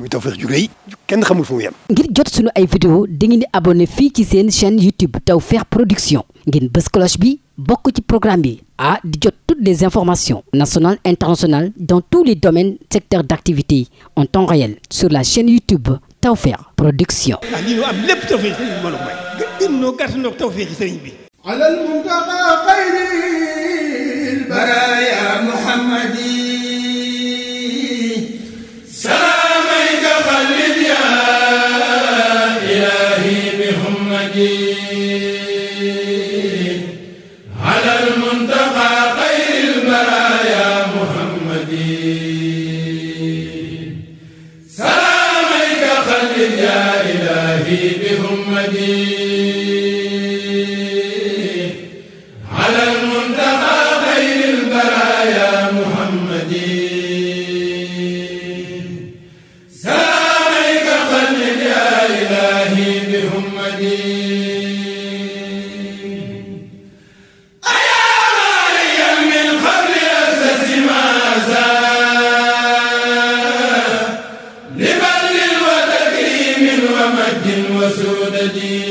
muy Tawfekh ju rëy kenn xamul fu mu ngir jot sunu ay vidéo dangeen di abonné fii ci seen chaîne YouTube Tawfekh Production ngeen bës bi bokk ci programme bi a di jot toutes les informations nationales internationales dans tous les domaines secteurs d'activité en temps réel sur la chaîne YouTube Tawfekh Production. ah lii ñu am lépp Tawfekh sëriñ bi mbooloo mooy. gën gën ñoo gàtt ñoo Tawfekh sëriñ bi. alal muntaqa xayril baraaya Muhammadi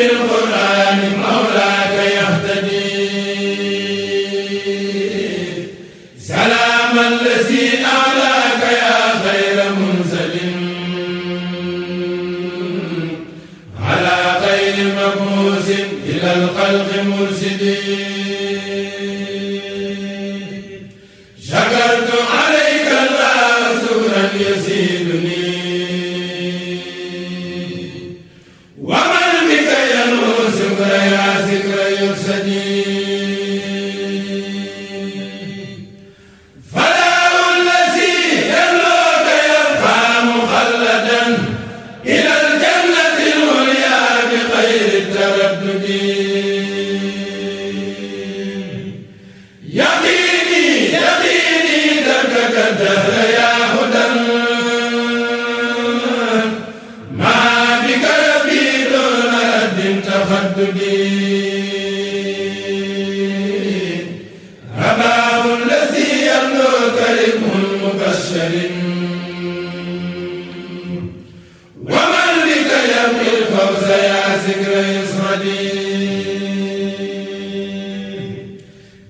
بالقرآن مولاك يهتدي سلام الذي أعلاك يا خير منزل على خير مبعوث إلى الخلق مرسل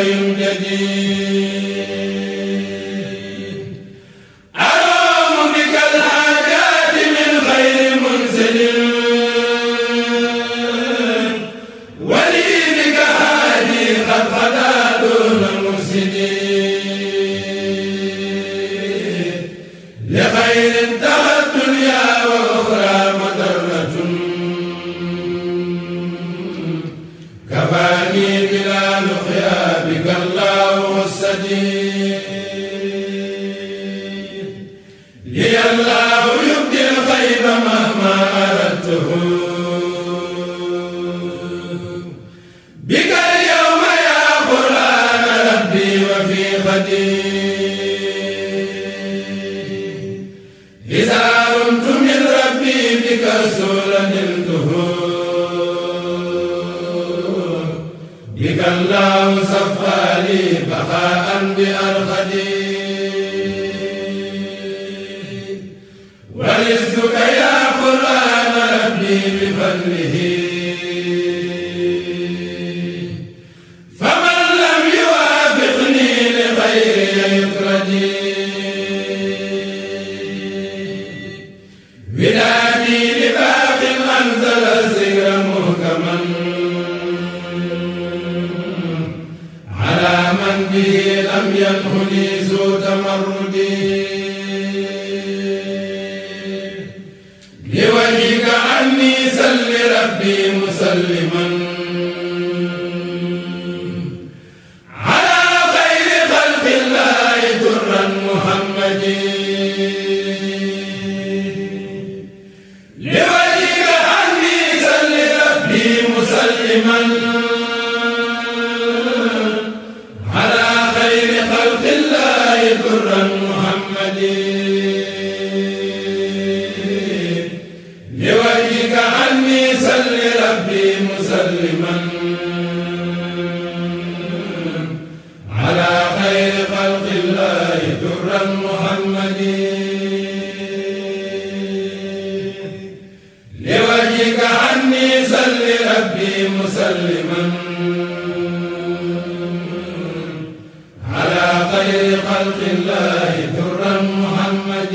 حي جديد is به لم ينهني ذو تمردي لوليك عني سل ربي مسلما لوليك عني سل ربي مسلما مسلما على خير خلق الله درا محمد لوجهك عني سل ربي مسلما على خير خلق الله درا محمد